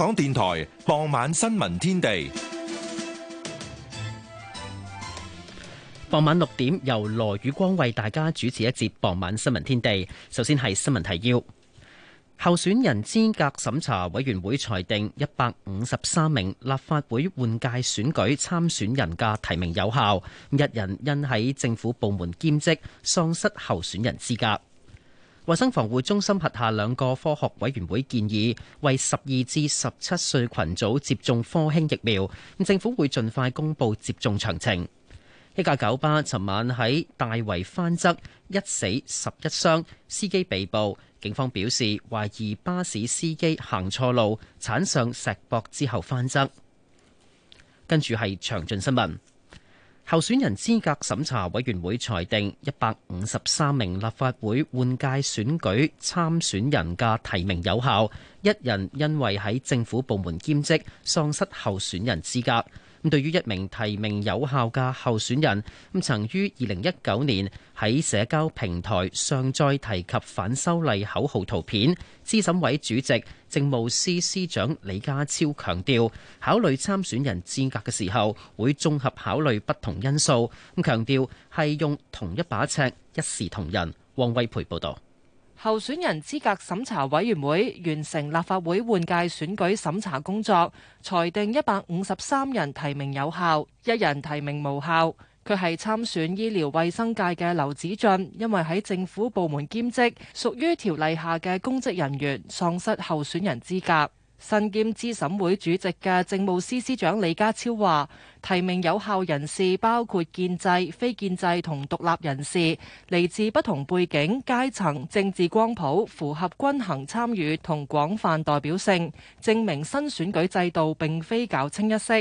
港電台傍晚新聞天地，傍晚六點由羅宇光為大家主持一節傍晚新聞天地。首先係新聞提要，候選人資格審查委員會裁定一百五十三名立法會換屆選舉參選人嘅提名有效，一人因喺政府部門兼職喪失候選人資格。衛生防護中心轄下兩個科學委員會建議為十二至十七歲群組接種科興疫苗，政府會盡快公布接種詳情。一架九巴尋晚喺大圍翻側，一死十一傷，司機被捕。警方表示懷疑巴士司機行錯路，鏟上石壆之後翻側。跟住係詳盡新聞。候選人資格審查委員會裁定一百五十三名立法會換屆選舉參選人嘅提名有效，一人因為喺政府部門兼職，喪失候選人資格。咁對於一名提名有效嘅候選人，咁曾於二零一九年喺社交平台上載提及反修例口號圖片，資審委主席、政務司司長李家超強調，考慮參選人資格嘅時候會綜合考慮不同因素，咁強調係用同一把尺，一視同仁。王威培報導。候選人資格審查委員會完成立法會換屆選舉審查工作，裁定一百五十三人提名有效，一人提名無效。佢係參選醫療衛生界嘅劉子俊，因為喺政府部門兼職，屬於條例下嘅公職人員，喪失候選人資格。身兼資審會主席嘅政務司司長李家超話：提名有效人士包括建制、非建制同獨立人士，嚟自不同背景、階層、政治光譜，符合均衡參與同廣泛代表性，證明新選舉制度並非搞清一色。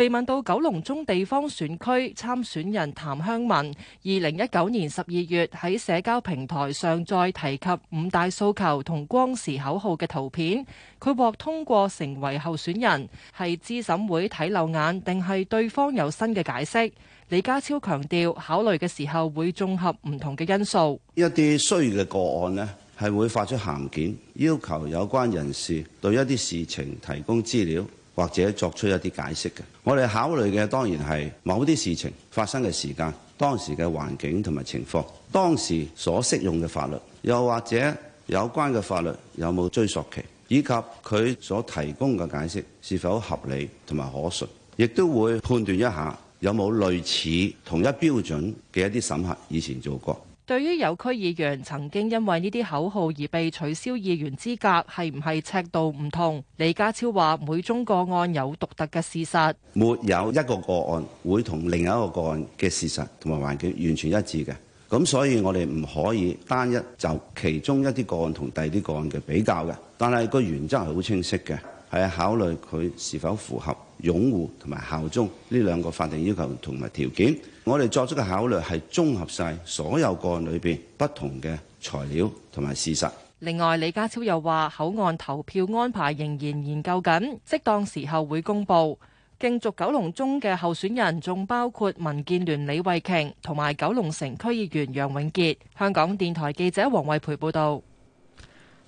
被問到九龍中地方選區參選人譚香文，二零一九年十二月喺社交平台上再提及五大訴求同光時口號嘅圖片，佢獲通過成為候選人，係資審會睇漏眼定係對方有新嘅解釋？李家超強調考慮嘅時候會綜合唔同嘅因素，一啲衰嘅個案呢，係會發出函件要求有關人士對一啲事情提供資料，或者作出一啲解釋嘅，我哋考慮嘅當然係某啲事情發生嘅時間、當時嘅環境同埋情況、當時所適用嘅法律，又或者有關嘅法律有冇追溯期，以及佢所提供嘅解釋是否合理同埋可信，亦都會判斷一下有冇類似同一標準嘅一啲審核以前做過。對於有區議員曾經因為呢啲口號而被取消議員資格，係唔係尺度唔同？李家超話：每宗個案有獨特嘅事實，沒有一個個案會同另一個個案嘅事實同埋環境完全一致嘅。咁所以我哋唔可以單一就其中一啲個案同第二啲個案嘅比較嘅。但係個原則係好清晰嘅，係考慮佢是否符合擁護同埋效忠呢兩個法定要求同埋條件。我哋作出嘅考慮係綜合晒所有個案裏邊不同嘅材料同埋事實。另外，李家超又話：口岸投票安排仍然研究緊，適當時候會公佈。競逐九龍中嘅候選人仲包括民建聯李慧瓊同埋九龍城區議員楊永傑。香港電台記者黃慧培報導。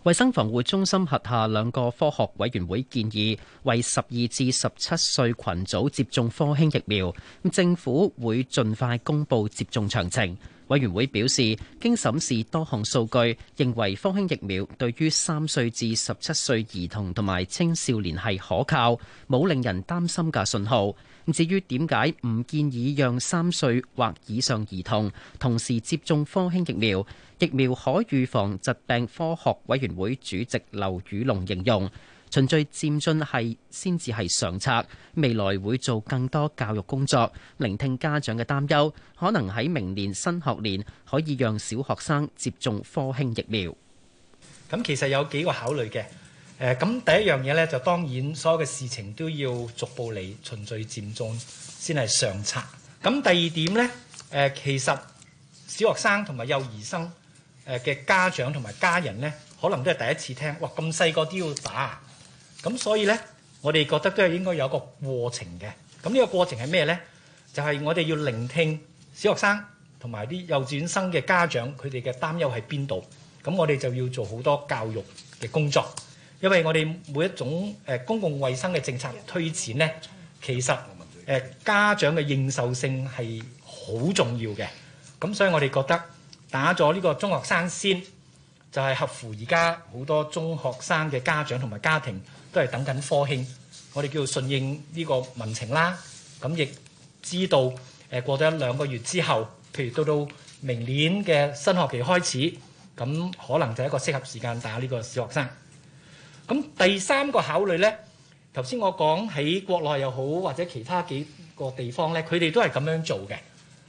衛生防護中心轄下兩個科學委員會建議為十二至十七歲群組接種科興疫苗，政府會盡快公布接種詳情。委員會表示，經審視多項數據，認為科興疫苗對於三歲至十七歲兒童同埋青少年係可靠，冇令人擔心嘅信號。至於點解唔建議讓三歲或以上兒童同時接種科興疫苗？疫苗可預防疾病科學委員會主席劉宇隆形容，循序漸進係先至係上策。未來會做更多教育工作，聆聽家長嘅擔憂，可能喺明年新學年可以讓小學生接種科興疫苗。咁其實有幾個考慮嘅。誒咁第一樣嘢咧，就當然所有嘅事情都要逐步嚟循序漸進先係上策。咁第二點咧，誒其實小學生同埋幼兒生誒嘅家長同埋家人咧，可能都係第一次聽，哇咁細個都要打，咁所以咧，我哋覺得都係應該有個過程嘅。咁呢個過程係咩咧？就係、是、我哋要聆聽小學生同埋啲幼稚園生嘅家長佢哋嘅擔憂喺邊度，咁我哋就要做好多教育嘅工作。因為我哋每一種誒、呃、公共衛生嘅政策推展呢，其實、呃、家長嘅認受性係好重要嘅。咁所以我哋覺得打咗呢個中學生先，就係、是、合乎而家好多中學生嘅家長同埋家庭都係等緊科興。我哋叫順應呢個民情啦。咁亦知道誒、呃、過咗一兩個月之後，譬如到到明年嘅新學期開始，咁可能就係一個適合時間打呢個小學生。咁第三個考慮呢，頭先我講喺國內又好，或者其他幾個地方呢，佢哋都係咁樣做嘅，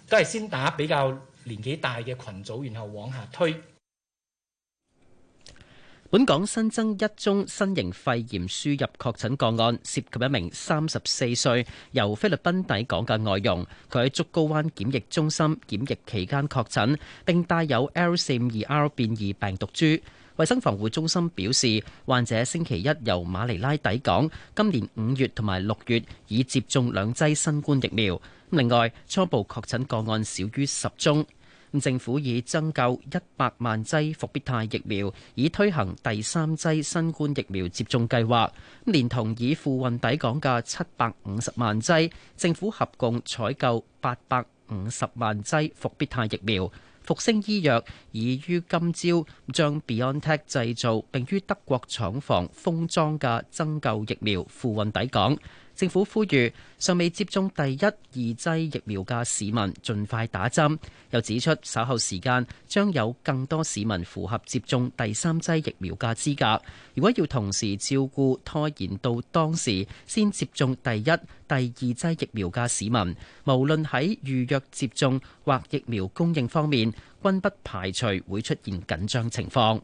都係先打比較年紀大嘅群組，然後往下推。本港新增一宗新型肺炎輸入確診個案，涉及一名三十四歲由菲律賓抵港嘅外佣，佢喺竹篙灣檢疫中心檢疫期間確診，並帶有 L452R 變異病毒株。衛生防護中心表示，患者星期一由馬尼拉抵港，今年五月同埋六月已接種兩劑新冠疫苗。咁另外，初步確診個案少於十宗。咁政府已增購一百萬劑復必泰疫苗，已推行第三劑新冠疫苗接種計劃。咁連同以付運抵港嘅七百五十萬劑，政府合共採購八百五十萬劑復必泰疫苗。復星醫藥已於今朝將 Biontech 製造並於德國廠房封裝嘅增購疫苗付運抵港。政府呼籲尚未接種第一、二劑疫苗嘅市民盡快打針，又指出稍後時間將有更多市民符合接種第三劑疫苗嘅資格。如果要同時照顧拖延到當時先接種第一、第二劑疫苗嘅市民，無論喺預約接種或疫苗供應方面，均不排除會出現緊張情況。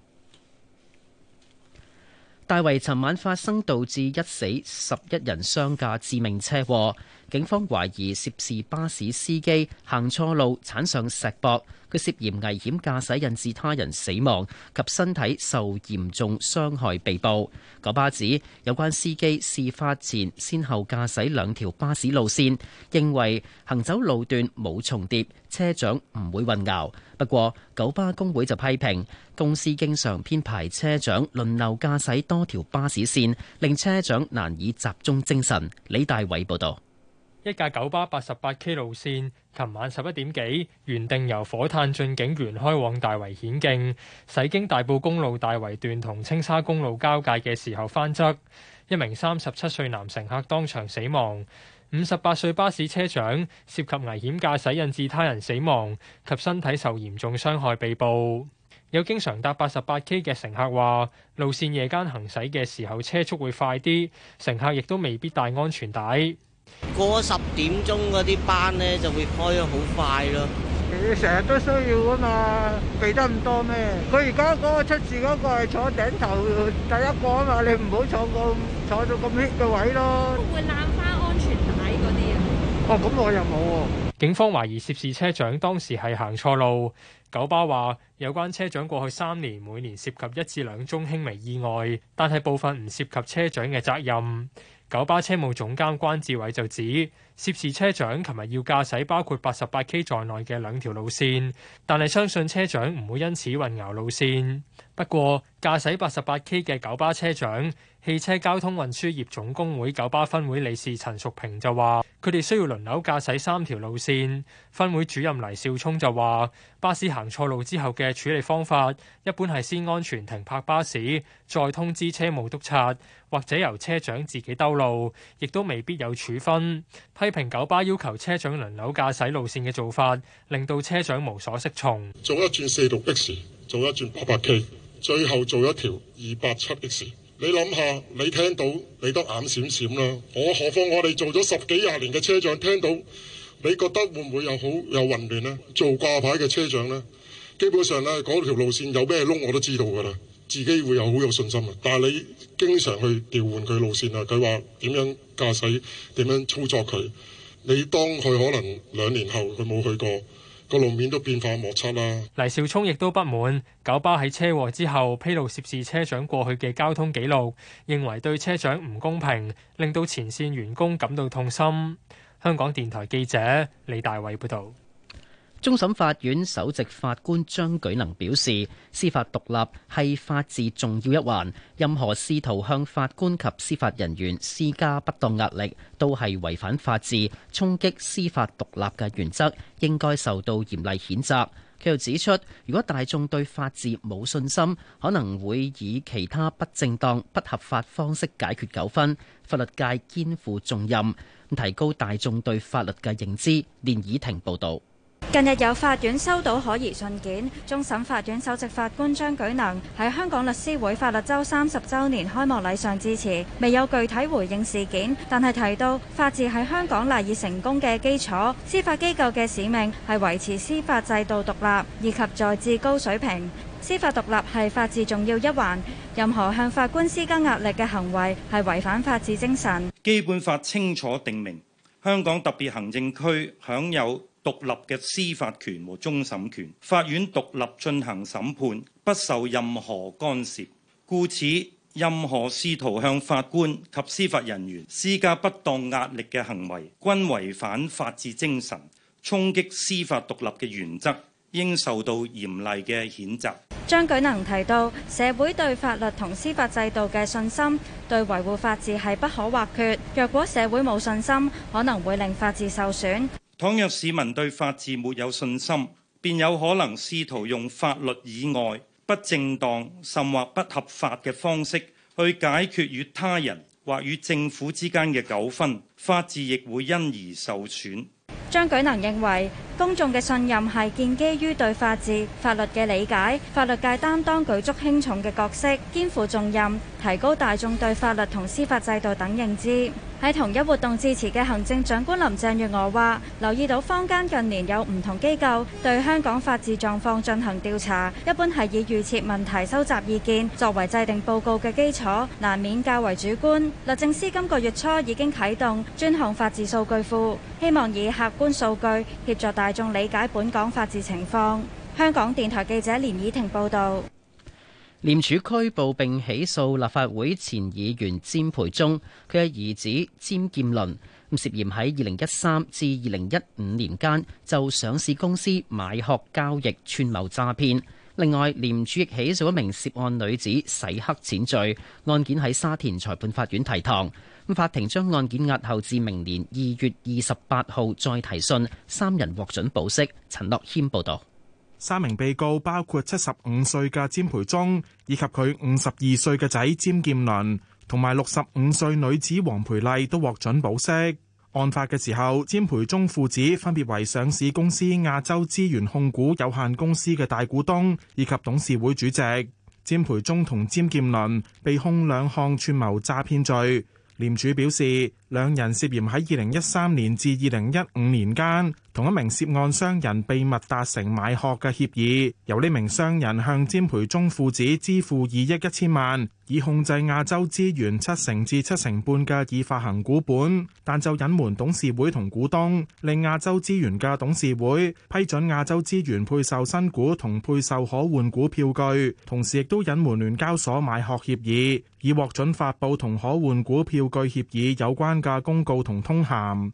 大圍昨晚發生導致一死十一人傷嘅致命車禍，警方懷疑涉事巴士司機行錯路，剷上石壆。佢涉嫌危險駕駛引致他人死亡及身體受嚴重傷害被捕。九巴指有關司機事發前先後駕駛兩條巴士路線，認為行走路段冇重疊，車長唔會混淆。不過，九巴工會就批評公司經常編排車長輪流駕駛多條巴士線，令車長難以集中精神。李大偉報導。一架九巴八十八 K 路線，琴晚十一點幾，原定由火炭駿景園開往大圍顯徑，駛經大埔公路大圍段同青沙公路交界嘅時候翻側，一名三十七歲男乘客當場死亡。五十八歲巴士車長涉及危險駕駛，駛，引致他人死亡及身體受嚴重傷害，被捕。有經常搭八十八 K 嘅乘客話，路線夜間行駛嘅時候車速會快啲，乘客亦都未必戴安全帶。過十點鐘嗰啲班咧就會開得好快咯。你成日都需要噶嘛，避得咁多咩？佢而家嗰個出事嗰個係坐頂頭第一個啊嘛，你唔好坐過坐到咁 heat 嘅位咯。會攬翻安全帶嗰啲啊？哦，咁我又冇。警方懷疑涉事車長當時係行錯路。九巴話有關車長過去三年每年涉及一至兩宗輕微意外，但係部分唔涉及車長嘅責任。九巴車務總監關志偉就指，涉事車長琴日要駕駛包括八十八 K 在內嘅兩條路線，但係相信車長唔會因此混淆路線。不過，駕駛八十八 K 嘅九巴車長，汽車交通運輸業總工會九巴分會理事陳淑平就話，佢哋需要輪流駕駛三條路線。分會主任黎少聰就話，巴士行錯路之後嘅處理方法，一般係先安全停泊巴士，再通知車務督察，或者由車長自己兜路，亦都未必有處分。批評九巴要求車長輪流駕駛路線嘅做法，令到車長無所適從。做一轉四六 B 時，做一轉八八 K。最後做一條二八七 X，你諗下，你聽到你都眼閃閃啦。我何況我哋做咗十幾廿年嘅車長，聽到你覺得會唔會有好有混亂咧？做掛牌嘅車長呢，基本上咧嗰條路線有咩窿我都知道㗎啦，自己會有好有信心嘅。但係你經常去調換佢路線啊，佢話點樣駕駛，點樣操作佢，你當佢可能兩年後佢冇去過。個路面都變化莫測啦。黎兆聰亦都不滿，九巴喺車禍之後披露涉事車長過去嘅交通紀錄，認為對車長唔公平，令到前線員工感到痛心。香港電台記者李大偉報道。終審法院首席法官張舉能表示，司法獨立係法治重要一環，任何試圖向法官及司法人員施加不當壓力，都係違反法治、衝擊司法獨立嘅原則，應該受到嚴厲譴責。佢又指出，如果大眾對法治冇信心，可能會以其他不正當、不合法方式解決糾紛。法律界肩負重任，提高大眾對法律嘅認知。連以婷報道。近日有法院收到可疑信件，終審法院首席法官張舉能喺香港律師會法律周三十周年開幕禮上致辭，未有具體回應事件，但係提到法治係香港賴以成功嘅基礎，司法機構嘅使命係維持司法制度獨立以及在至高水平。司法獨立係法治重要一環，任何向法官施加壓力嘅行為係違反法治精神。基本法清楚定明，香港特別行政區享有獨立嘅司法權和終審權，法院獨立進行審判，不受任何干涉。故此，任何試圖向法官及司法人員施加不當壓力嘅行為，均違反法治精神，衝擊司法獨立嘅原則，應受到嚴厲嘅譴責。張舉能提到，社會對法律同司法制度嘅信心，對維護法治係不可或缺。若果社會冇信心，可能會令法治受損。倘若市民對法治沒有信心，便有可能試圖用法律以外、不正當，甚或不合法嘅方式去解決與他人或與政府之間嘅糾紛。法治亦會因而受損。張舉能認為，公眾嘅信任係建基於對法治、法律嘅理解，法律界擔當舉足輕重嘅角色，肩負重任。提高大眾對法律同司法制度等認知。喺同一活動支持嘅行政長官林鄭月娥話：留意到坊間近年有唔同機構對香港法治狀況進行調查，一般係以預設問題收集意見作為制定報告嘅基礎，難免較為主觀。律政司今個月初已經啟動專項法治數據庫，希望以客觀數據協助大眾理解本港法治情況。香港電台記者連以婷報導。廉署拘捕並起訴立法會前議員詹培忠，佢嘅兒子詹劍麟，咁涉嫌喺二零一三至二零一五年間就上市公司買殼交易串謀詐騙。另外，廉署亦起訴一名涉案女子洗黑錢罪，案件喺沙田裁判法院提堂。法庭將案件押後至明年二月二十八號再提訊，三人獲准保釋。陳樂軒報導。三名被告包括七十五歲嘅詹培忠，以及佢五十二歲嘅仔詹劍倫，同埋六十五歲女子黃培麗都獲准保釋。案發嘅時候，詹培忠父子分別為上市公司亞洲資源控股有限公司嘅大股東以及董事會主席。詹培忠同詹劍倫被控兩項串謀詐騙罪。廉署表示。兩人涉嫌喺二零一三年至二零一五年間，同一名涉案商人秘密達成買殼嘅協議，由呢名商人向詹培忠父子支付二億一千萬，以控制亞洲資源七成至七成半嘅已發行股本，但就隱瞞董事會同股東，令亞洲資源嘅董事會批准亞洲資源配售新股同配售可換股票據，同時亦都隱瞞聯交所買殼協議，以獲准發布同可換股票據協議有關嘅公告同通函。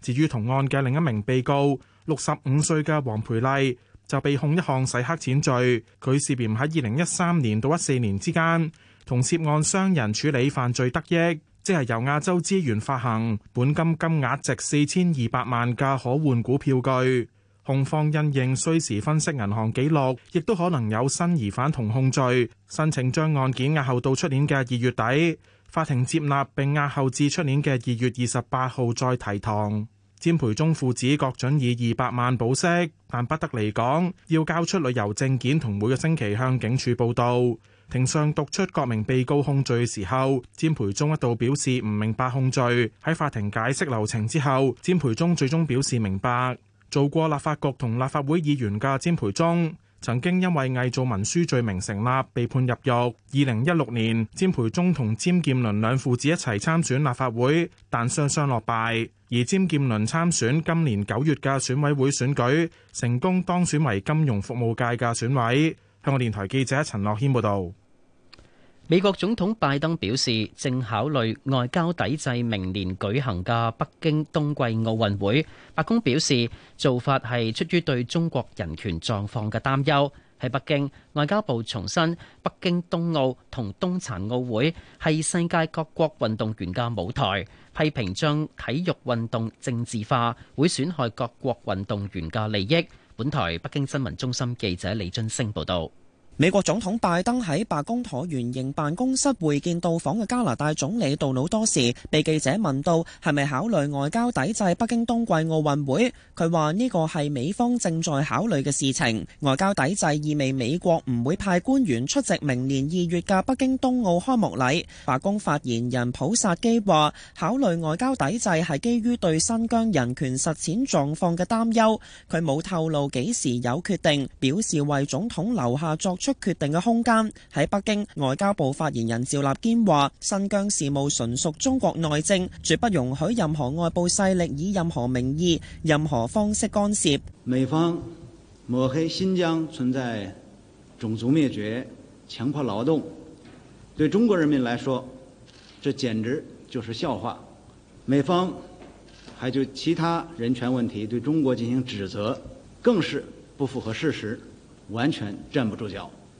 至於同案嘅另一名被告六十五歲嘅黃培麗，就被控一項洗黑錢罪。佢涉嫌喺二零一三年到一四年之間，同涉案商人處理犯罪得益，即係由亞洲資源發行本金金額值四千二百萬嘅可換股票據。控方因應需時分析銀行記錄，亦都可能有新疑犯同控罪，申請將案件押後到出年嘅二月底。法庭接納並押後至出年嘅二月二十八號再提堂。詹培忠父子各准以二百萬保釋，但不得離港，要交出旅遊證件同每個星期向警署報到。庭上讀出各名被告控罪嘅時候，詹培忠一度表示唔明白控罪。喺法庭解釋流程之後，詹培忠最終表示明白。做過立法局同立法會議員嘅詹培忠，曾經因為偽造文書罪名成立，被判入獄。二零一六年，詹培忠同詹劍倫兩父子一齊參選立法會，但雙雙落敗。而詹劍倫參選今年九月嘅選委會選舉，成功當選為金融服務界嘅選委。香港電台記者陳樂軒報導。美國總統拜登表示，正考慮外交抵制明年舉行嘅北京冬季奧運會。白宮表示，做法係出於對中國人權狀況嘅擔憂。喺北京，外交部重申，北京冬奧同冬殘奧會係世界各國運動員嘅舞台，批評將體育運動政治化，會損害各國運動員嘅利益。本台北京新聞中心記者李津升報道。美國總統拜登喺白宮橢圓形辦公室會見到訪嘅加拿大總理杜魯多時，被記者問到係咪考慮外交抵制北京冬季奧運會？佢話呢個係美方正在考慮嘅事情。外交抵制意味美國唔會派官員出席明年二月嘅北京冬奧開幕禮。白宮發言人普薩基話，考慮外交抵制係基於對新疆人權實踐狀況嘅擔憂。佢冇透露幾時有決定，表示為總統留下作出。出決定嘅空間。喺北京，外交部發言人趙立堅話：新疆事務純屬中國內政，絕不容許任何外部勢力以任何名義、任何方式干涉。美方抹黑新疆存在種族滅絕、強迫勞動，對中國人民來說，這簡直就是笑話。美方還就其他人權問題對中國進行指責，更是不符合事實，完全站不住腳。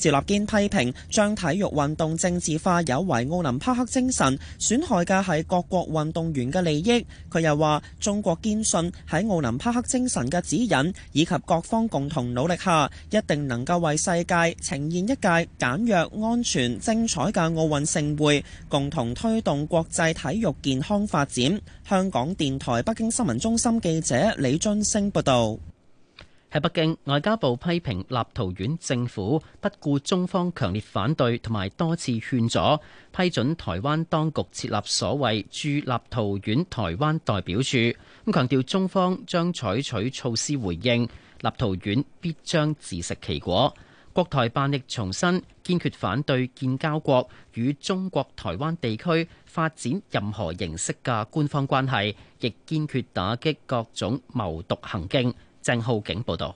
趙立堅批評將體育運動政治化有違奧林匹克精神，損害嘅係各國運動員嘅利益。佢又話：中國堅信喺奧林匹克精神嘅指引以及各方共同努力下，一定能夠為世界呈現一屆簡約、安全、精彩嘅奧運盛會，共同推動國際體育健康發展。香港電台北京新聞中心記者李津星報道。喺北京，外交部批評立陶宛政府不顧中方強烈反對同埋多次勸阻，批准台灣當局設立所謂駐立陶宛台灣代表處，咁強調中方將採取措施回應立陶宛，必將自食其果。國台辦亦重申，堅決反對建交國與中國台灣地區發展任何形式嘅官方關係，亦堅決打擊各種謀獨行徑。鄭浩景報道。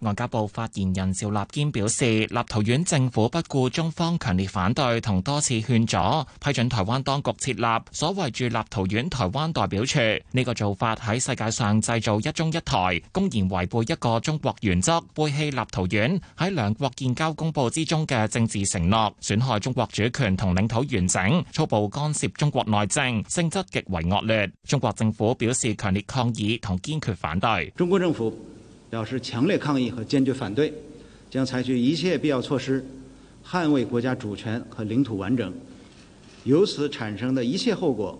外交部發言人趙立堅表示，立陶宛政府不顧中方強烈反對同多次勸阻，批准台灣當局設立所謂駐立陶宛台灣代表處，呢、這個做法喺世界上製造一中一台，公然違背一個中國原則，背棄立陶宛喺兩國建交公佈之中嘅政治承諾，損害中國主權同領土完整，粗暴干涉中國內政，性質極為惡劣。中國政府表示強烈抗議同堅決反對。中國政府。表示強烈抗議和堅決反對，將採取一切必要措施，捍衛國家主權和領土完整。由此產生的一切後果，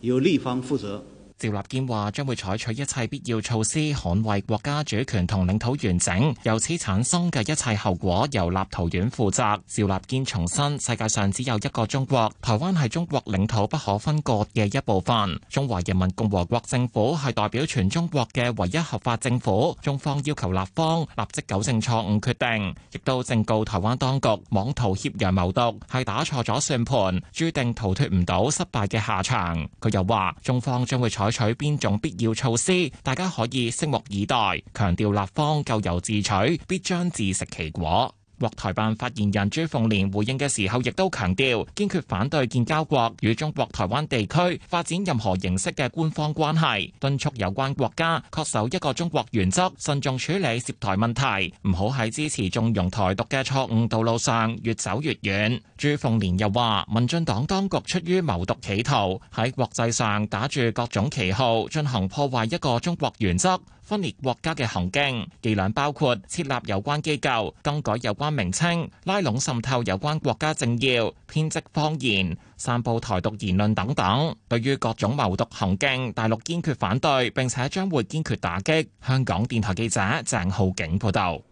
由立方負責。趙立堅話：將會採取一切必要措施，捍衛國家主權同領土完整，由此產生嘅一切後果，由立陶宛負責。趙立堅重申：世界上只有一個中國，台灣係中國領土不可分割嘅一部分。中華人民共和國政府係代表全中國嘅唯一合法政府。中方要求立方立即糾正錯誤決定，亦都正告台灣當局妄圖挾洋謀獨係打錯咗算盤，注定逃脫唔到失敗嘅下場。佢又話：中方將會採採取邊種必要措施，大家可以拭目以待。強調立方咎由自取，必將自食其果。國台辦發言人朱鳳蓮回應嘅時候，亦都強調堅決反對建交國與中國台灣地區發展任何形式嘅官方關係，敦促有關國家恪守一個中國原則，慎重處理涉台問題，唔好喺支持縱容台獨嘅錯誤道路上越走越遠。朱鳳蓮又話，民進黨當局出於謀獨企圖，喺國際上打住各種旗號，進行破壞一個中國原則分裂國家嘅行徑，伎倆包括設立有關機構、更改有關名稱、拉攏滲透有關國家政要、編織謊言、散布台獨言論等等。對於各種謀獨行徑，大陸堅決反對，並且將會堅決打擊。香港電台記者鄭浩景報導。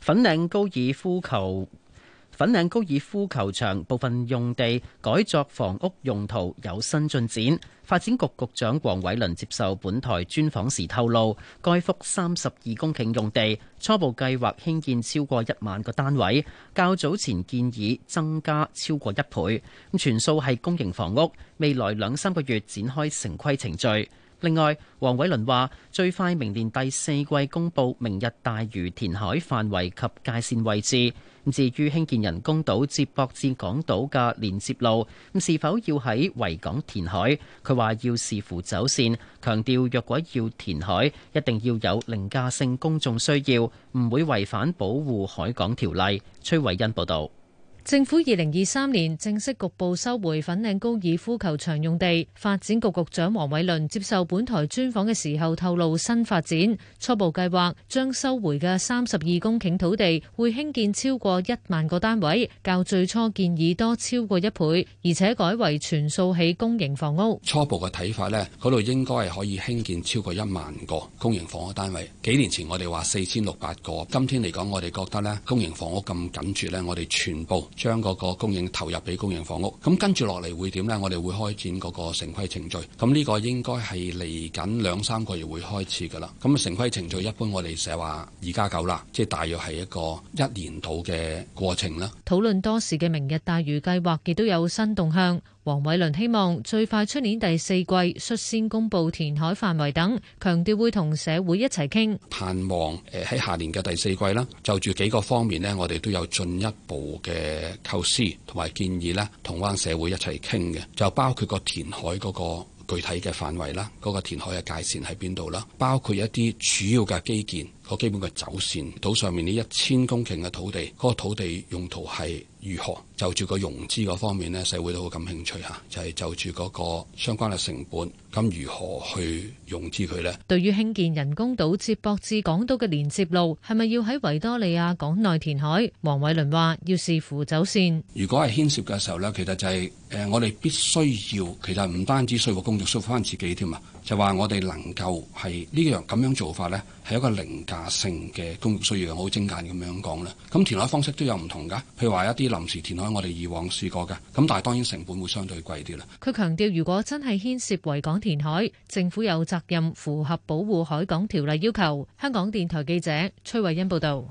粉嶺高爾夫球粉嶺高爾夫球場部分用地改作房屋用途有新進展，發展局局長黃偉綸接受本台專訪時透露，該幅三十二公頃用地初步計劃興建超過一萬個單位，較早前建議增加超過一倍，全數係公營房屋，未來兩三個月展開城規程序。另外，黃偉倫話最快明年第四季公布明日大嶼填海範圍及界線位置。至於興建人工島接駁至港島嘅連接路，是否要喺維港填海？佢話要視乎走線，強調若果要填海，一定要有凌駕性公眾需要，唔會違反保護海港條例。崔偉恩報導。政府二零二三年正式局部收回粉嶺高爾夫球場用地，發展局局長黃偉綸接受本台專訪嘅時候透露，新發展初步計劃將收回嘅三十二公頃土地會興建超過一萬個單位，較最初建議多超過一倍，而且改為全數起公營房屋。初步嘅睇法咧，嗰度應該係可以興建超過一萬個公營房屋單位。幾年前我哋話四千六百個，今天嚟講我哋覺得咧，公營房屋咁緊絀咧，我哋全部。將嗰個供應投入俾公營房屋，咁跟住落嚟會點呢？我哋會開展嗰個城規程序，咁、這、呢個應該係嚟緊兩三個月會開始㗎啦。咁啊，城規程序一般我哋成日話二加九啦，即係大約係一個一年度嘅過程啦。討論多時嘅明日大嶼計劃亦都有新動向。黃偉倫希望最快出年第四季率先公布填海範圍等，強調會同社會一齊傾。盼望，誒喺下年嘅第四季啦，就住幾個方面咧，我哋都有進一步嘅構思同埋建議咧，同灣社會一齊傾嘅，就包括個填海嗰個具體嘅範圍啦，嗰個填海嘅界綫喺邊度啦，包括一啲主要嘅基建個基本嘅走綫，島上面呢一千公頃嘅土地，嗰個土地用途係。如何就住個融資嗰方面呢？社會都好感興趣嚇，就係就住嗰個相關嘅成本，咁如何去融資佢呢？對於興建人工島接駁至港島嘅連接路，係咪要喺維多利亞港內填海？黃偉綸話：要視乎走線。如果係牽涉嘅時候呢，其實就係誒，我哋必須要，其實唔單止需要個工作，需要翻自己添啊。就話我哋能夠係呢樣咁樣做法呢，係一個凌駕性嘅公眾需要，又好精簡咁樣講咧。咁填海方式都有唔同噶，譬如話一啲臨時填海，我哋以往試過嘅，咁但係當然成本會相對貴啲啦。佢強調，如果真係牽涉維港填海，政府有責任符合保護海港條例要求。香港電台記者崔慧欣報道。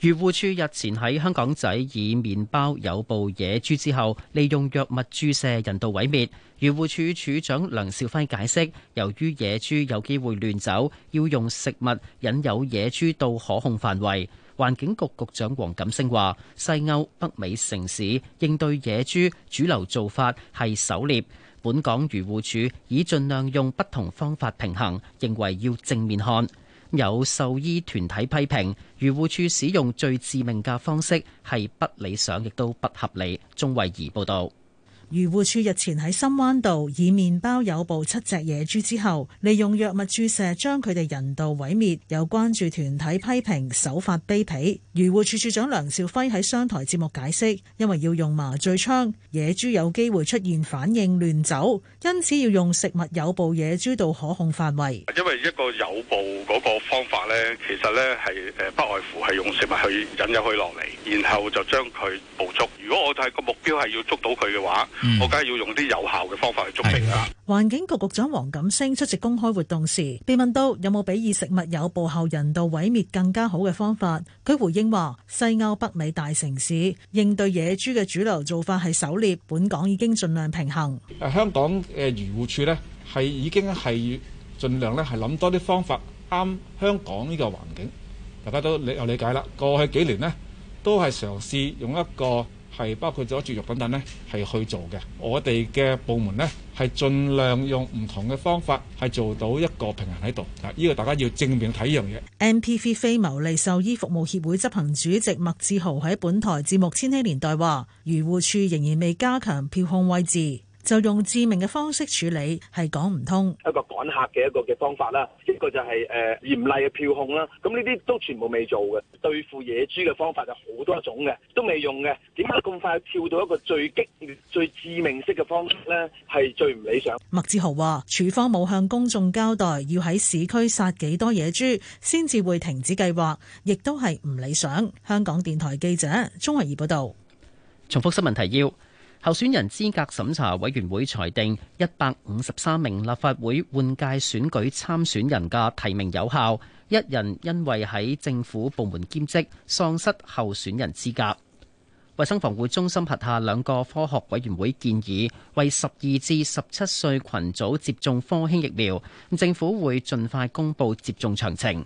漁護署日前喺香港仔以麵包誘捕野豬之後，利用藥物注射人道毀滅。漁護署署長梁兆輝解釋，由於野豬有機會亂走，要用食物引誘野豬到可控範圍。環境局局長黃錦星話，西歐、北美城市應對野豬主流做法係狩獵，本港漁護署已盡量用不同方法平衡，認為要正面看。有獸醫團體批評漁護處使用最致命嘅方式係不理想，亦都不合理。鍾慧儀報導。漁護署日前喺深灣道以麵包誘捕七隻野豬之後，利用藥物注射將佢哋人道毀滅。有關注團體批評手法卑鄙。漁護署署長梁兆輝喺商台節目解釋，因為要用麻醉槍，野豬有機會出現反應亂走，因此要用食物誘捕野豬到可控範圍。因為一個誘捕嗰個方法呢，其實呢係不外乎係用食物去引入佢落嚟，然後就將佢捕捉。如果我睇係個目標係要捉到佢嘅話，我梗係要用啲有效嘅方法去捉病啦！環境局局長黃錦星出席公開活動時，被問到有冇比以食物有捕後人道毀滅更加好嘅方法，佢回應話：西歐、北美大城市應對野豬嘅主流做法係狩獵，本港已經盡量平衡。誒，香港嘅漁護署呢係已經係盡量呢係諗多啲方法啱香港呢個環境，大家都理有理解啦。過去幾年呢都係嘗試用一個。係包括咗絕育等等呢係去做嘅。我哋嘅部門呢，係盡量用唔同嘅方法係做到一個平衡喺度。呢個大家要正面睇呢樣嘢。M.P.V. 非牟利獸醫服務協會執行主席麥志豪喺本台節目《千禧年代》話：漁護署仍然未加強票控位置。就用致命嘅方式處理係講唔通，一個趕客嘅一個嘅方法啦，一個就係誒嚴厲嘅票控啦，咁呢啲都全部未做嘅，對付野豬嘅方法就好多種嘅，都未用嘅，點解咁快跳到一個最激烈、最致命式嘅方式咧？係最唔理想。麥志豪話，署方冇向公眾交代要喺市區殺幾多野豬先至會停止計劃，亦都係唔理想。香港電台記者鍾慧儀報道。重複新聞提要。候選人資格審查委員會裁定一百五十三名立法會換屆選舉參選人嘅提名有效，一人因為喺政府部門兼職喪失候選人資格。衛生防護中心轄下兩個科學委員會建議為十二至十七歲群組接種科興疫苗，政府會盡快公布接種詳情。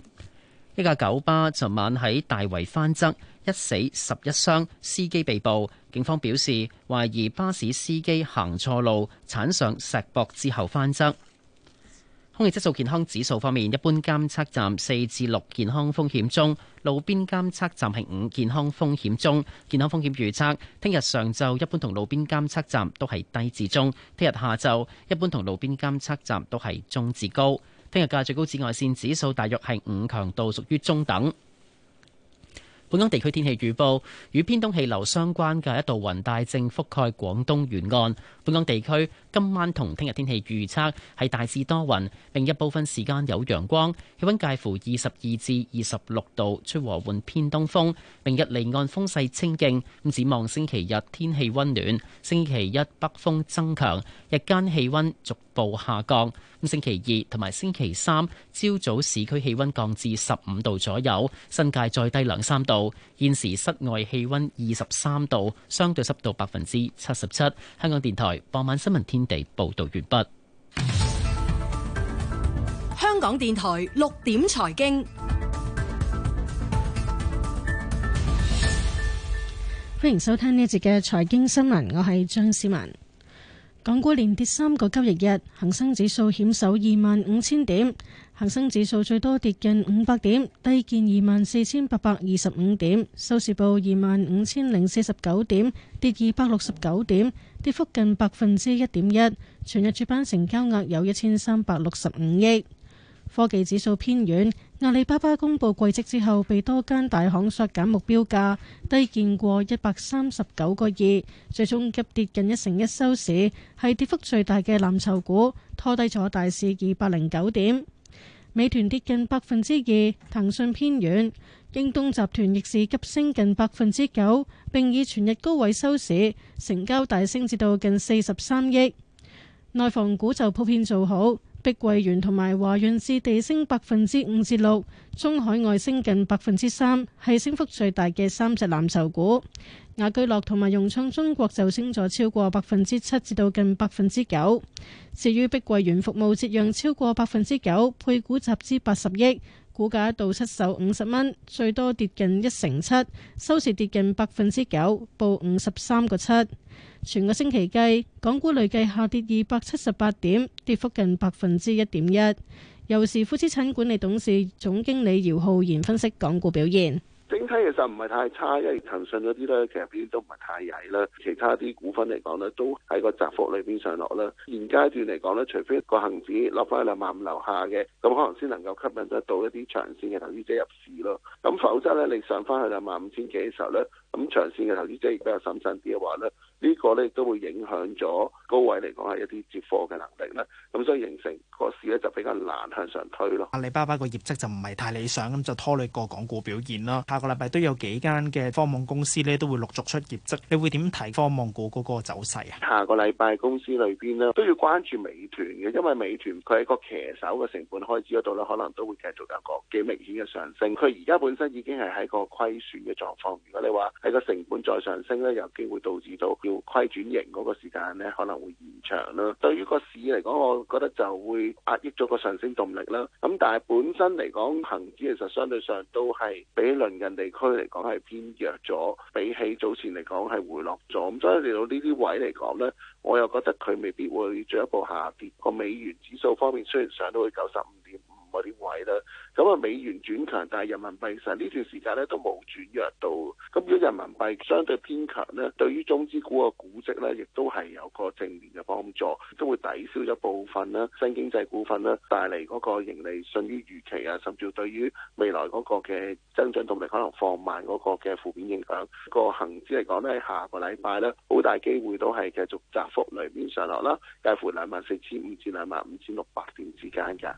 一架九巴昨晚喺大圍翻側，一死十一傷，司機被捕。警方表示懷疑巴士司機行錯路，鏟上石壆之後翻側。空氣質素健康指數方面，一般監測站四至六健康風險中，路邊監測站係五健康風險中。健康風險預測：聽日上晝一般同路邊監測站都係低至中；聽日下晝一般同路邊監測站都係中至高。聽日嘅最高紫外線指數大約係五，強度屬於中等。本港地區天氣預報，與偏東氣流相關嘅一道雲帶正覆蓋廣東沿岸。本港地區今晚同聽日天氣預測係大致多雲，並一部分時間有陽光，氣溫介乎二十二至二十六度，吹和緩偏東風。明日離岸風勢清勁，咁展望星期日天氣溫暖，星期一北風增強，日間氣溫逐步下降。咁星期二同埋星期三朝早市區氣溫降至十五度左右，新界再低兩三度。現時室外氣溫二十三度，相對濕度百分之七十七。香港電台傍晚新聞天地報道完畢。香港電台六點財經，歡迎收聽呢一節嘅財經新聞，我係張詩文。港股連跌三個交易日，恒生指數險守二萬五千點，恒生指數最多跌近五百點，低見二萬四千八百二十五點，收市報二萬五千零四十九點，跌二百六十九點，跌幅近百分之一點一。全日主板成交額有一千三百六十五億，科技指數偏軟。阿里巴巴公布季績之後，被多間大行削減目標價，低見過一百三十九個二，最終急跌近一成一收市，係跌幅最大嘅藍籌股，拖低咗大市二百零九點。美團跌近百分之二，騰訊偏軟，京東集團逆市急升近百分之九，並以全日高位收市，成交大升至到近四十三億。內房股就普遍做好。碧桂園同埋華潤置地升百分之五至六，中海外升近百分之三，係升幅最大嘅三隻藍籌股。雅居樂同埋融創中國就升咗超過百分之七至到近百分之九。至於碧桂園服務，折讓超過百分之九，配股集資八十億。股價一度失守五十蚊，最多跌近一成七，收市跌近百分之九，報五十三個七。全個星期計，港股累計下跌二百七十八點，跌幅近百分之一點一。由時富資產管理董事總經理姚浩然分析港股表現。整體其實唔係太差，因為騰訊嗰啲咧，其實嗰都唔係太曳啦。其他啲股份嚟講咧，都喺個窄幅裏邊上落啦。現階段嚟講咧，除非個恒指落翻去兩萬五樓下嘅，咁可能先能夠吸引得到一啲長線嘅投資者入市咯。咁否則咧，你上翻去兩萬五千幾嘅時候咧，咁長線嘅投資者亦都有審慎啲嘅話咧。呢個咧都會影響咗高位嚟講係一啲接貨嘅能力啦，咁所以形成個市咧就比較難向上推咯。阿里巴巴個業績就唔係太理想，咁就拖累個港股表現啦。下個禮拜都有幾間嘅科網公司咧都會陸續出業績，你會點睇科網股嗰個走勢啊？下個禮拜公司裏邊咧都要關注美團嘅，因為美團佢喺個騎手嘅成本開支嗰度咧，可能都會繼續有個幾明顯嘅上升。佢而家本身已經係喺個虧損嘅狀況，如果你話喺個成本再上升咧，有機會導致到。要規轉型嗰個時間咧，可能會延長啦。對於個市嚟講，我覺得就會壓抑咗個上升動力啦。咁但係本身嚟講，恒指其實相對上都係比鄰近地區嚟講係偏弱咗，比起早前嚟講係回落咗。咁所以嚟到呢啲位嚟講咧，我又覺得佢未必會進一步下跌。個美元指數方面，雖然上到去九十五點五，唔係啲位啦，咁啊美元轉強，但係人民幣成呢段時間咧都冇轉弱到，咁如果人民幣相對偏強呢，對於中資股嘅估值咧，亦都係有個正面嘅幫助，都會抵消咗部分啦，新經濟股份咧帶嚟嗰個盈利遜於預期啊，甚至對於未來嗰個嘅增長動力可能放慢嗰個嘅負面影響。個恒指嚟講咧，喺下個禮拜咧，好大機會都係繼續窄幅裏面上落啦，介乎兩萬四千五至兩萬五千六百點之間嘅。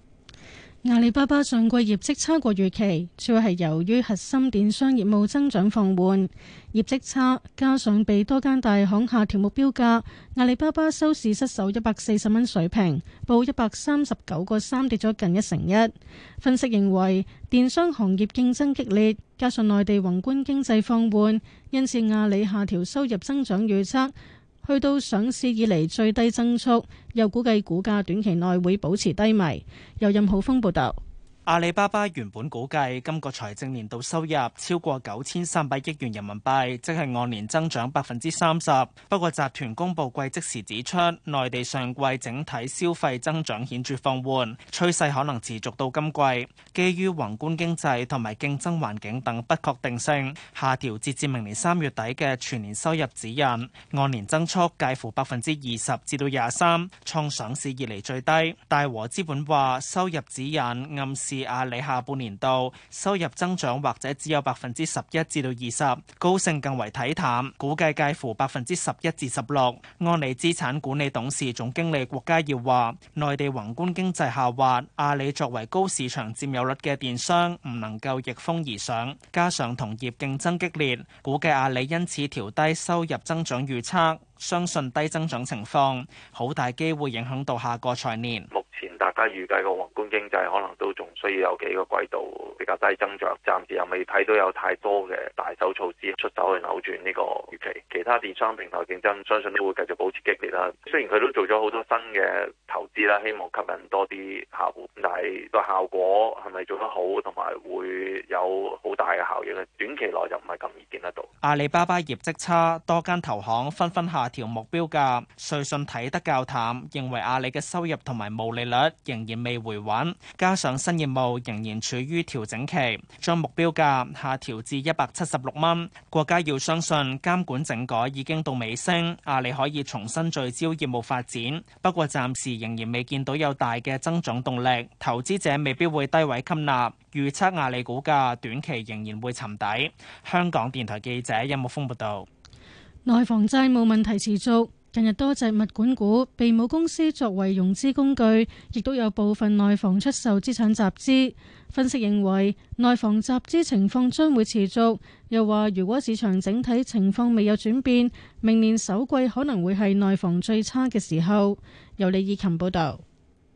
阿里巴巴上季業績差過預期，主要係由於核心電商業務增長放緩，業績差加上被多間大行下調目標價，阿里巴巴收市失守一百四十蚊水平，報一百三十九個三，跌咗近一成一。分析認為，電商行業競爭激烈，加上內地宏觀經濟放緩，因此阿里下調收入增長預測。去到上市以嚟最低增速，又估計股價短期內會保持低迷，由任浩峰報道。阿里巴巴原本估計今個財政年度收入超過九千三百億元人民幣，即係按年增長百分之三十。不過集團公布季績時指出，內地上季整體消費增長顯著放緩，趨勢可能持續到今季。基於宏觀經濟同埋競爭環境等不確定性，下調截至明年三月底嘅全年收入指引，按年增速介乎百分之二十至到廿三，創上市以嚟最低。大和資本話收入指引暗示。阿里下半年度收入增長或者只有百分之十一至到二十，高盛更為睇淡，估計介乎百分之十一至十六。安利資產管理董事總經理郭家耀話，內地宏觀經濟下滑，阿里作為高市場佔有率嘅電商唔能夠逆風而上，加上同業競爭激烈，估計阿里因此調低收入增長預測。相信低增長情況好大機會影響到下個財年。目前大家預計個宏觀經濟可能都仲需要有幾個季度比較低增長，暫時又未睇到有太多嘅大手措施出手去扭轉呢個預期。其他電商平台競爭相信都會繼續保持激烈啦。雖然佢都做咗好多新嘅投資啦，希望吸引多啲客戶，但係個效果係咪做得好，同埋會有好大嘅效應咧？短期內就唔係咁易見得到。阿里巴巴業績差，多間投行紛紛下調目標價，瑞信睇得較淡，認為阿里嘅收入同埋毛利率仍然未回穩，加上新業務仍然處於調整期，將目標價下調至一百七十六蚊。國家要相信監管整改已經到尾聲，阿里可以重新聚焦業務發展。不過暫時仍然未見到有大嘅增長動力，投資者未必會低位吸納，預測阿里股價短期仍然會沉底。香港電台記者。謝音樂峰報道，內房債務問題持續，近日多隻物管股被母公司作為融資工具，亦都有部分內房出售資產集資。分析認為，內房集資情況將會持續，又話如果市場整體情況未有轉變，明年首季可能會係內房最差嘅時候。由李以琴報道。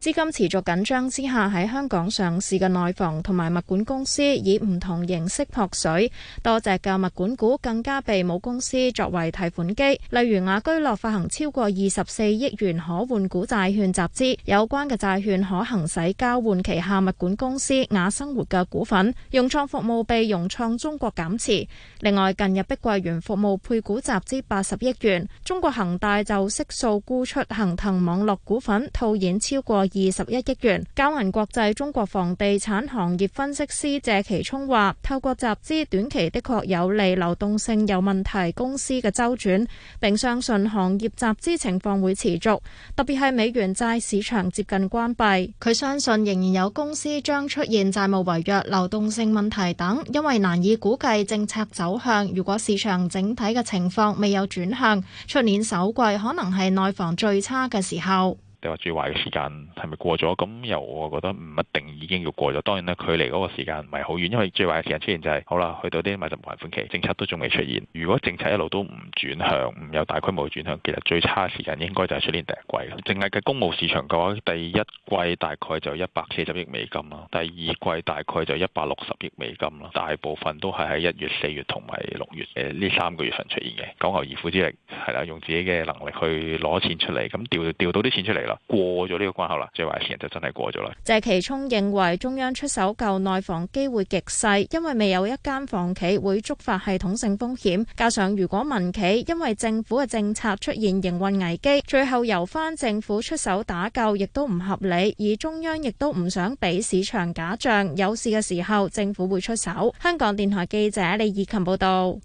資金持續緊張之下，喺香港上市嘅內房同埋物管公司以唔同形式撲水，多隻嘅物管股更加被母公司作為提款機。例如雅居樂發行超過二十四億元可換股債券集資，有關嘅債券可行使交換旗下物管公司雅生活嘅股份。融創服務被融創中國減持。另外近日碧桂園服務配股集資八十億元，中國恆大就悉數沽出恆騰網絡股份套現超過。二十一億元。交銀國際中國房地產行業分析師謝其聰話，透過集資，短期的確有利流動性有問題公司嘅周轉。並相信行業集資情況會持續，特別係美元債市場接近關閉。佢相信仍然有公司將出現債務違約、流動性問題等，因為難以估計政策走向。如果市場整體嘅情況未有轉向，出年首季可能係內房最差嘅時候。你話最壞嘅時間係咪過咗？咁又我覺得唔一定已經要過咗。當然咧，距離嗰個時間唔係好遠，因為最壞嘅時間出現就係、是、好啦，去到啲買集還款期政策都仲未出現。如果政策一路都唔轉向，唔有大規模嘅轉向，其實最差嘅時間應該就係出年第一季。淨係嘅公募市場嘅話，第一季大概就一百四十億美金啦，第二季大概就一百六十億美金啦。大部分都係喺一月、四月同埋六月誒呢三個月份出現嘅。九牛二虎之力係啦，用自己嘅能力去攞錢出嚟，咁調調到啲錢出嚟啦。過咗呢個關口啦，即係話，其實就真係過咗啦。謝其聰認為中央出手救內房機會極細，因為未有一間房企會觸發系統性風險。加上如果民企因為政府嘅政策出現營運危機，最後由翻政府出手打救，亦都唔合理。而中央亦都唔想俾市場假象，有事嘅時候政府會出手。香港電台記者李以琴報道。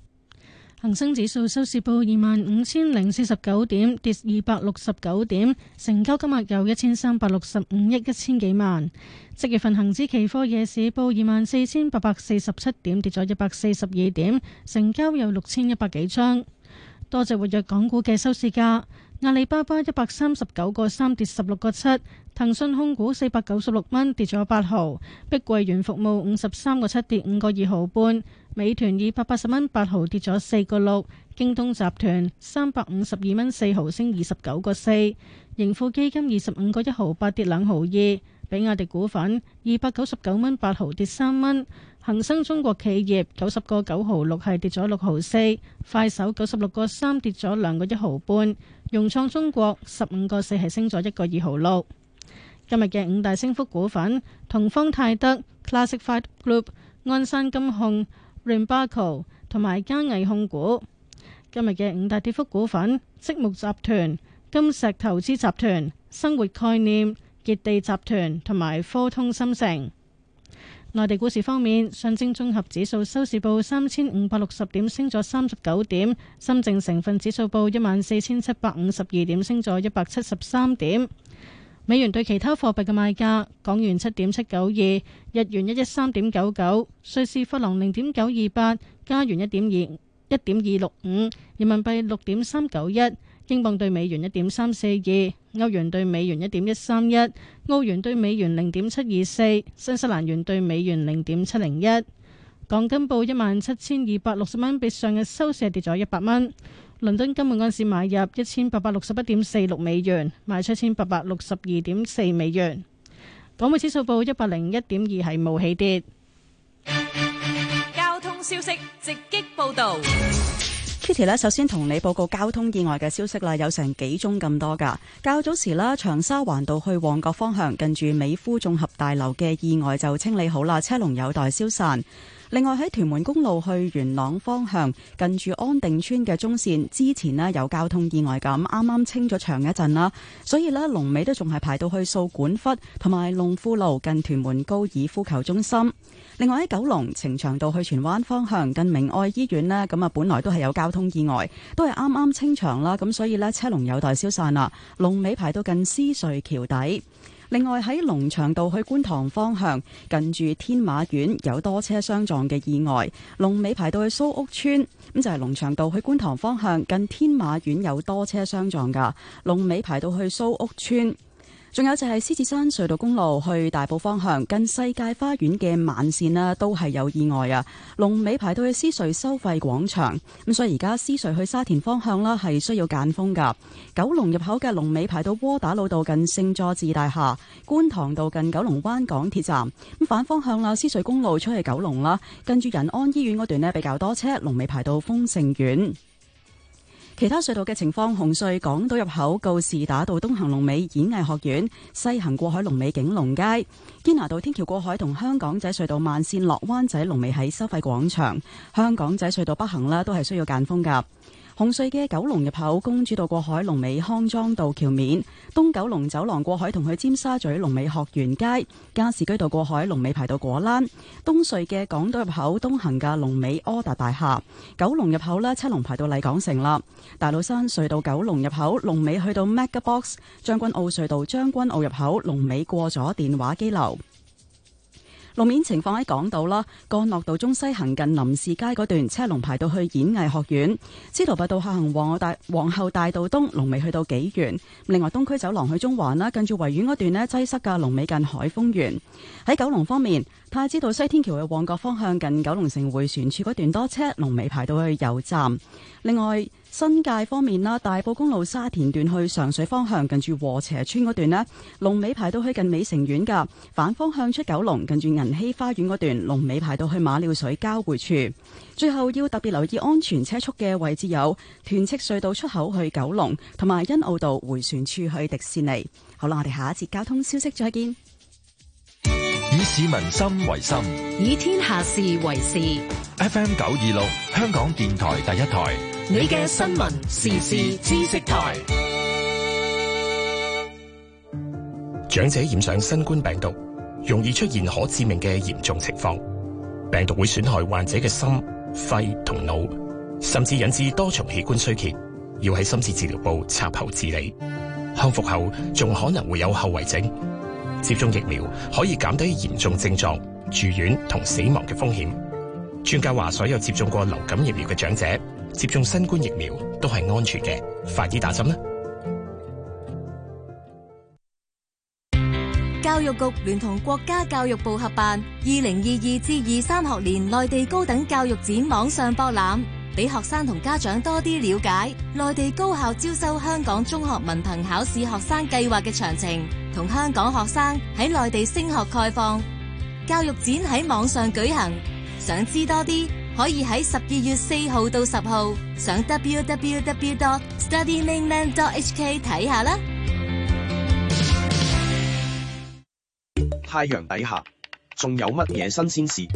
恒生指數收市報二萬五千零四十九點，跌二百六十九點，成交金額有一千三百六十五億一千幾萬。七月份恒指期貨夜市報二萬四千八百四十七點，跌咗一百四十二點，成交有六千一百幾張。多隻活躍港股嘅收市價。阿里巴巴一百三十九個三跌十六個七，騰訊控股四百九十六蚊跌咗八毫，碧桂園服務五十三個七跌五個二毫半，美團二百八十蚊八毫跌咗四個六，京東集團三百五十二蚊四毫升二十九個四，盈富基金二十五個一毫八跌兩毫二，比亞迪股份二百九十九蚊八毫跌三蚊，恒生中國企業九十個九毫六係跌咗六毫四，快手九十六個三跌咗兩個一毫半。融創中國十五個四係升咗一個二毫六。今日嘅五大升幅股份：同方泰德、Classified Group、鞍山金控、Rimbaco 同埋嘉藝控股。今日嘅五大跌幅股份：積木集團、金石投資集團、生活概念、杰地集團同埋科通新城。內地股市方面，上證綜合指數收市報三千五百六十點，升咗三十九點；深證成分指數報一萬四千七百五十二點，升咗一百七十三點。美元對其他貨幣嘅賣價：港元七點七九二，日元一一三點九九，瑞士法郎零點九二八，加元一點二一點二六五，人民幣六點三九一。英鎊對美元一點三四二，歐元對美元一點一三一，澳元對美元零點七二四，新西蘭元對美元零點七零一。港金報一萬七千二百六十蚊，比上日收市跌咗一百蚊。倫敦金每盎司買入一千八百六十一點四六美元，賣出一千八百六十二點四美元。港匯指數報一百零一點二，係冇起跌。交通消息直擊報道。Kitty 咧，首先同你報告交通意外嘅消息啦，有成幾宗咁多㗎。較早時啦，長沙灣道去旺角方向近住美孚綜合大樓嘅意外就清理好啦，車龍有待消散。另外喺屯門公路去元朗方向，近住安定村嘅中線之前呢，有交通意外，咁啱啱清咗場一陣啦，所以呢，龍尾都仲係排到去掃管笏同埋龍富路近屯門高爾夫球中心。另外喺九龍呈祥道去荃灣方向近明愛醫院呢，咁啊，本來都係有交通意外，都係啱啱清場啦，咁所以呢，車龍有待消散啦，龍尾排到近獅隧橋底。另外喺龍翔道去觀塘方向近住天馬苑有多車相撞嘅意外，龍尾排到去蘇屋村，咁就係龍翔道去觀塘方向近天馬苑有多車相撞㗎，龍尾排到去蘇屋村。仲有就係獅子山隧道公路去大埔方向，近世界花園嘅慢線啦，都係有意外啊！龍尾排到去獅隧收費廣場，咁所以而家獅隧去沙田方向啦，係需要揀風噶。九龍入口嘅龍尾排到窩打老道近聖佐治大廈、觀塘道近九龍灣港鐵站，咁反方向啦，獅隧公路出去九龍啦，跟住仁安醫院嗰段呢，比較多車，龍尾排到豐盛苑。其他隧道嘅情況，紅隧港島入口告士打道東行龍尾，演藝學院，西行過海龍尾，景隆街，堅拿道天橋過海同香港仔隧道慢線落灣仔龍尾喺收費廣場，香港仔隧道北行咧，都係需要揀風㗎。紅隧嘅九龍入口，公主道過海，龍尾康莊道橋面；東九龍走廊過海，同去尖沙咀龍尾學園街；加士居道過海，龍尾排到果欄；東隧嘅港島入口東行嘅龍尾柯達大廈；九龍入口啦，七龍排到麗港城啦；大老山隧道九龍入口，龍尾去到 Mega Box；將軍澳隧道將軍澳入口，龍尾過咗電話機樓。路面情況喺港島啦，干諾道中西行近林士街嗰段車龍排到去演藝學院；司徒拔道下行往大皇后大道東龍尾去到幾遠。另外，東區走廊去中環啦，近住維園嗰段呢，擠塞嘅龍尾近海峰園。喺九龍方面，太子道西天橋嘅旺角方向近九龍城迴旋處嗰段多車，龍尾排到去油站。另外，新界方面啦，大埔公路沙田段去上水方向，近住禾 𪨶 邨嗰段咧，龍尾排到去近美城苑噶。反方向出九龍，近住銀禧花園嗰段，龍尾排到去馬料水交匯處。最後要特別留意安全車速嘅位置有屯赤隧道出口去九龍，同埋欣澳道迴旋處去迪士尼。好啦，我哋下一節交通消息再見。以市民心為心，以天下事為事。FM 九二六，香港電台第一台。你嘅新聞時事知識台，長者染上新冠病毒，容易出現可致命嘅嚴重情況。病毒會損害患者嘅心、肺同腦，甚至引致多重器官衰竭，要喺深切治療部插喉治理。康復後仲可能會有後遺症。接種疫苗可以減低嚴重症狀、住院同死亡嘅風險。專家話，所有接種過流感疫苗嘅長者。接種新冠疫苗都係安全嘅，快啲打針啦！教育局聯同國家教育部合辦二零二二至二三學年內地高等教育展網上博覽，俾學生同家長多啲了解內地高校招收香港中學文憑考試學生計劃嘅詳情，同香港學生喺內地升學概況。教育展喺網上舉行，想知多啲。可以喺十二月四號到十號上 www dot study mainland dot HK 睇下啦。太陽底下仲有乜嘢新鮮事？